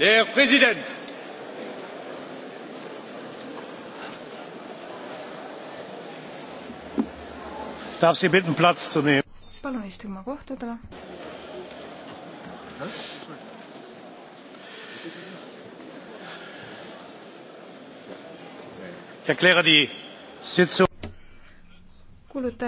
Der Präsident! Darf Sie bitten, Platz zu nehmen? Palun istuma kohtadele. Ich erkläre die Sitzung.